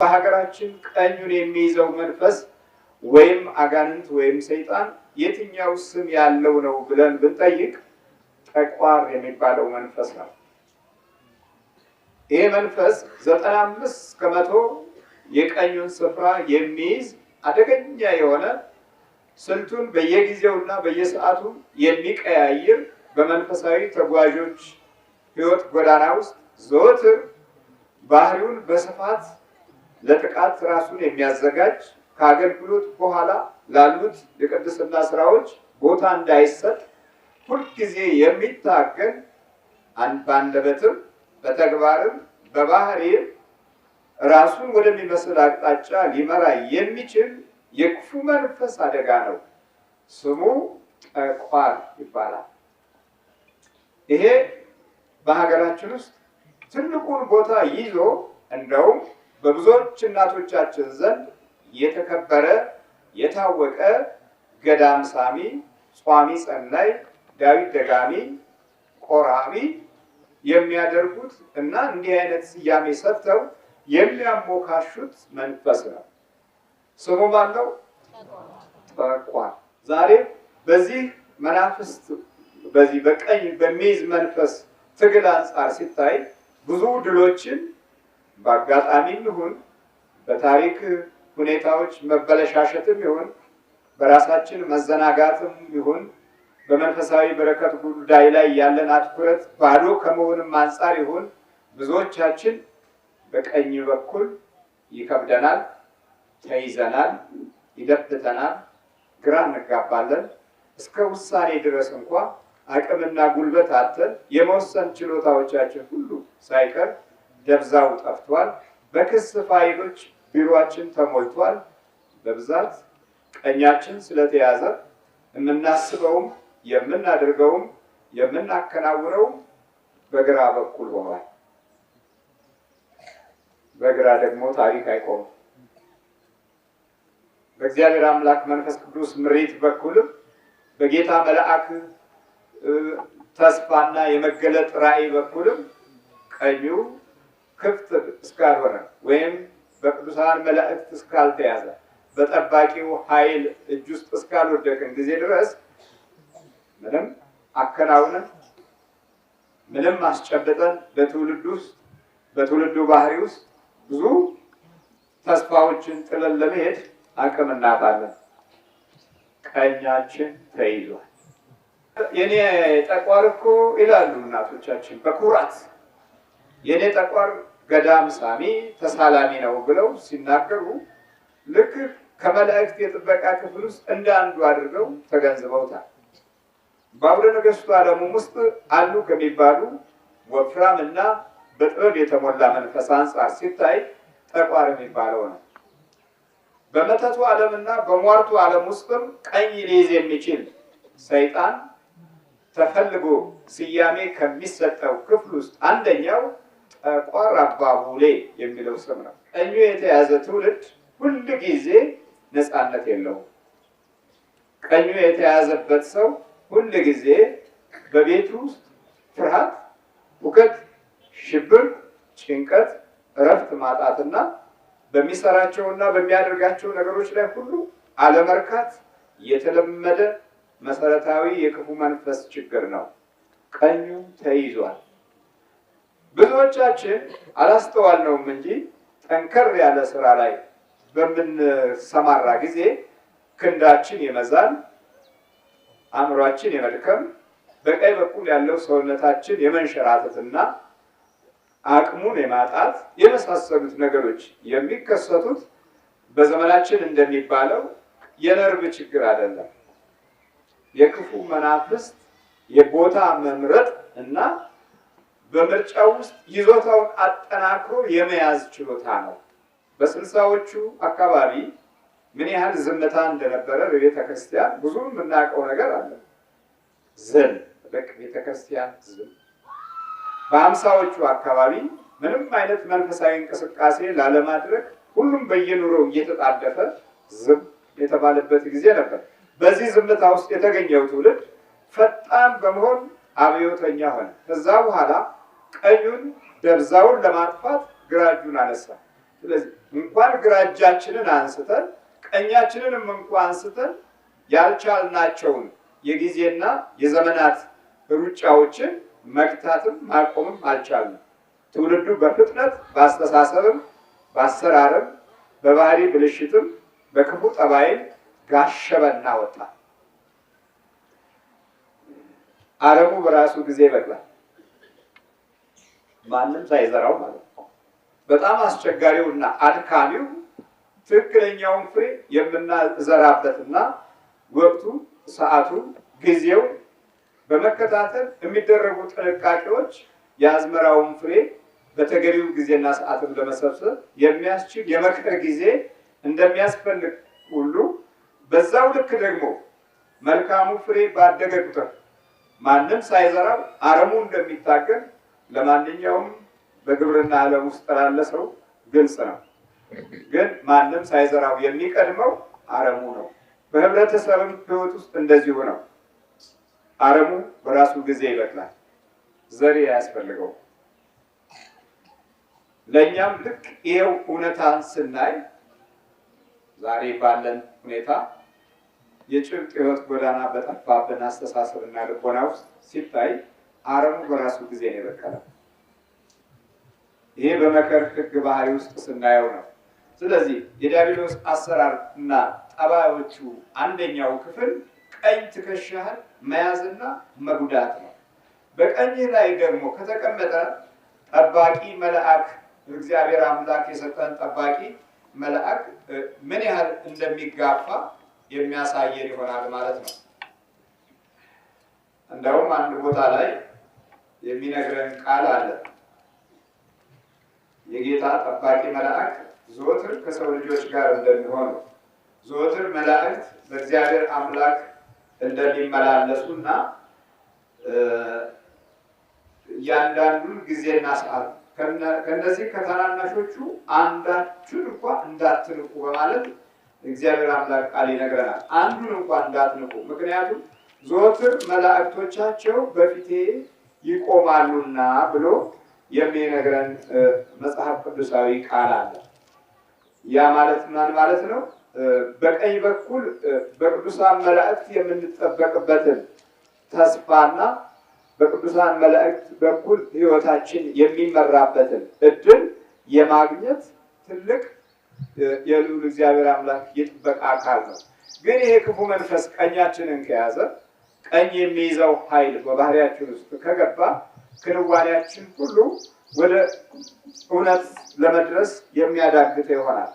በሀገራችን ቀኙን የሚይዘው መንፈስ ወይም አጋንንት ወይም ሰይጣን የትኛው ስም ያለው ነው ብለን ብንጠይቅ ጠቋር የሚባለው መንፈስ ነው። ይህ መንፈስ ዘጠና አምስት ከመቶ የቀኙን ስፍራ የሚይዝ አደገኛ የሆነ ስልቱን በየጊዜውና በየሰዓቱ የሚቀያይር በመንፈሳዊ ተጓዦች ሕይወት ጎዳና ውስጥ ዘወትር ባህሪውን በስፋት ለጥቃት ራሱን የሚያዘጋጅ ከአገልግሎት በኋላ ላሉት የቅድስና ስራዎች ቦታ እንዳይሰጥ ሁልጊዜ የሚታገል በአንደበትም በተግባርም በባህሪም ራሱን ወደሚመስል አቅጣጫ ሊመራ የሚችል የክፉ መንፈስ አደጋ ነው። ስሙ ጠቋር ይባላል። ይሄ በሀገራችን ውስጥ ትልቁን ቦታ ይዞ እንደውም በብዙዎች እናቶቻችን ዘንድ የተከበረ የታወቀ ገዳም ሳሚ፣ ጿሚ፣ ጸናይ፣ ዳዊት ደጋሚ፣ ቆራሚ የሚያደርጉት እና እንዲህ አይነት ስያሜ ሰጥተው የሚያሞካሹት መንፈስ ነው። ስሙ ባለው ጠቋል። ዛሬ በዚህ መናፍስት በዚህ በቀኝ በሚይዝ መንፈስ ትግል አንጻር ሲታይ ብዙ ድሎችን በአጋጣሚም ይሁን በታሪክ ሁኔታዎች መበለሻሸትም ይሁን በራሳችን መዘናጋትም ይሁን በመንፈሳዊ በረከት ጉዳይ ላይ ያለን አትኩረት ባዶ ከመሆንም አንጻር ይሁን ብዙዎቻችን በቀኝ በኩል ይከብደናል፣ ተይዘናል፣ ይደብተናል፣ ግራ እንጋባለን። እስከ ውሳኔ ድረስ እንኳ አቅምና ጉልበት አተን የመወሰን ችሎታዎቻችን ሁሉ ሳይቀር ደብዛው ጠፍቷል። በክስ ፋይሎች ቢሮችን ተሞልቷል። በብዛት ቀኛችን ስለተያዘ የምናስበውም የምናደርገውም የምናከናውነውም በግራ በኩል ሆኗል። በግራ ደግሞ ታሪክ አይቆምም። በእግዚአብሔር አምላክ መንፈስ ቅዱስ ምሬት በኩልም በጌታ መልአክ ተስፋና የመገለጥ ራእይ በኩልም ቀኙ ክፍት እስካልሆነ ወይም በቅዱሳን መላእክት እስካልተያዘ በጠባቂው ኃይል እጅ ውስጥ እስካልወደቅን ጊዜ ድረስ ምንም አከናውነን ምንም አስጨብጠን በትውልድ ውስጥ በትውልዱ ባህሪ ውስጥ ብዙ ተስፋዎችን ጥለን ለመሄድ አቅም እናጣለን። ቀኛችን ተይዟል። የኔ ጠቋር እኮ ይላሉ እናቶቻችን በኩራት የኔ ጠቋር ገዳም ሳሚ ተሳላሚ ነው ብለው ሲናገሩ ልክ ከመላእክት የጥበቃ ክፍል ውስጥ እንደ አንዱ አድርገው ተገንዝበውታል። በአውደ ነገስቱ ዓለሙ ውስጥ አሉ ከሚባሉ ወፍራም እና በጥበብ የተሞላ መንፈስ አንጻር ሲታይ ጠቋር የሚባለው ነው። በመተቱ እና በሟርቱ ዓለም ውስጥም ቀኝ ሊይዝ የሚችል ሰይጣን ተፈልጎ ስያሜ ከሚሰጠው ክፍል ውስጥ አንደኛው ጠቋር አባቡሌ የሚለው ስም ነው። እኙ የተያዘ ትውልድ ሁል ጊዜ ነፃነት የለውም። ቀኙ የተያዘበት ሰው ሁል ጊዜ በቤቱ ውስጥ ፍርሃት፣ ሁከት፣ ሽብር፣ ጭንቀት፣ እረፍት ማጣትና በሚሰራቸውና በሚያደርጋቸው ነገሮች ላይ ሁሉ አለመርካት የተለመደ መሰረታዊ የክፉ መንፈስ ችግር ነው። ቀኙ ተይዟል። ብዙዎቻችን አላስተዋልነውም እንጂ ጠንከር ያለ ስራ ላይ በምንሰማራ ጊዜ ክንዳችን የመዛል፣ አእምሯችን የመድከም፣ በቀኝ በኩል ያለው ሰውነታችን የመንሸራተትና አቅሙን የማጣት የመሳሰሉት ነገሮች የሚከሰቱት በዘመናችን እንደሚባለው የነርቭ ችግር አይደለም። የክፉ መናፍስት የቦታ መምረጥ እና በምርጫው ውስጥ ይዞታውን አጠናክሮ የመያዝ ችሎታ ነው። በስልሳዎቹ አካባቢ ምን ያህል ዝምታ እንደነበረ በቤተ ክርስቲያን ብዙ የምናውቀው ነገር አለ። ዝም በቅ ቤተ ክርስቲያን ዝም። በአምሳዎቹ አካባቢ ምንም አይነት መንፈሳዊ እንቅስቃሴ ላለማድረግ ሁሉም በየኑሮው እየተጣደፈ ዝም የተባለበት ጊዜ ነበር። በዚህ ዝምታ ውስጥ የተገኘው ትውልድ ፈጣን በመሆን አብዮተኛ ሆነ። ከዛ በኋላ ቀኙን ደብዛውን ለማጥፋት ግራ እጁን አነሳ። ስለዚህ እንኳን ግራ እጃችንን አንስተን ቀኛችንንም እንኳ አንስተን ያልቻልናቸውን የጊዜና የዘመናት ሩጫዎችን መግታትም ማቆምም አልቻሉ። ትውልዱ በፍጥነት በአስተሳሰብም በአሰራርም በባህሪ ብልሽትም በክፉ ጠባይም ጋሸበና ወጣ። አረሙ በራሱ ጊዜ ይበቅላል። ማንም ሳይዘራው ማለት ነው። በጣም አስቸጋሪው እና አድካሚው ትክክለኛውን ፍሬ እና ወቅቱ፣ ሰዓቱ፣ ጊዜው በመከታተል የሚደረጉ ጥንቃቄዎች የአዝመራውን ፍሬ በተገቢው ጊዜና ሰዓትን ለመሰብሰብ የሚያስችል የመከር ጊዜ እንደሚያስፈልግ ሁሉ በዛው ልክ ደግሞ መልካሙ ፍሬ ባደገ ቁጥር ማንም ሳይዘራው አረሙ እንደሚታገል ለማንኛውም በግብርና ዓለም ውስጥ ላለ ሰው ግልጽ ነው። ግን ማንም ሳይዘራው የሚቀድመው አረሙ ነው። በህብረተሰብም ህይወት ውስጥ እንደዚሁ ነው። አረሙ በራሱ ጊዜ ይበቅላል፣ ዘሬ አያስፈልገው። ለእኛም ልክ ይሄው እውነታ ስናይ ዛሬ ባለን ሁኔታ የጭብጥ ህይወት ጎዳና በጠፋብን አስተሳሰብና ልቦና ውስጥ ሲታይ አረሙ በራሱ ጊዜ ነው የበቀለው። ይሄ በመከር ህግ ባህሪ ውስጥ ስናየው ነው። ስለዚህ የዲያብሎስ አሰራር እና ጠባዮቹ አንደኛው ክፍል ቀኝ ትከሻህን መያዝና መጉዳት ነው። በቀኝ ላይ ደግሞ ከተቀመጠ ጠባቂ መልአክ እግዚአብሔር አምላክ የሰጠን ጠባቂ መልአክ ምን ያህል እንደሚጋፋ የሚያሳየን ይሆናል ማለት ነው። እንደውም አንድ ቦታ ላይ የሚነግረን ቃል አለ። የጌታ ጠባቂ መላእክት ዘወትር ከሰው ልጆች ጋር እንደሚሆኑ ዘወትር መላእክት በእግዚአብሔር አምላክ እንደሚመላለሱ ና እያንዳንዱን ጊዜና ሰዓት ከነዚህ ከታናናሾቹ አንዳችን እንኳ እንዳትንቁ በማለት እግዚአብሔር አምላክ ቃል ይነግረናል። አንዱን እንኳ እንዳትንቁ፣ ምክንያቱም ዘወትር መላእክቶቻቸው በፊቴ ይቆማሉና ብሎ የሚነግረን መጽሐፍ ቅዱሳዊ ቃል አለ። ያ ማለት ማን ማለት ነው? በቀኝ በኩል በቅዱሳን መላእክት የምንጠበቅበትን ተስፋና በቅዱሳን መላእክት በኩል ሕይወታችን የሚመራበትን እድል የማግኘት ትልቅ የልዑል እግዚአብሔር አምላክ የጥበቃ አካል ነው። ግን ይሄ ክፉ መንፈስ ቀኛችንን ከያዘ ቀኝ የሚይዘው ኃይል በባህሪያችን ውስጥ ከገባ ክንዋሪያችን ሁሉ ወደ እውነት ለመድረስ የሚያዳግተ ይሆናል።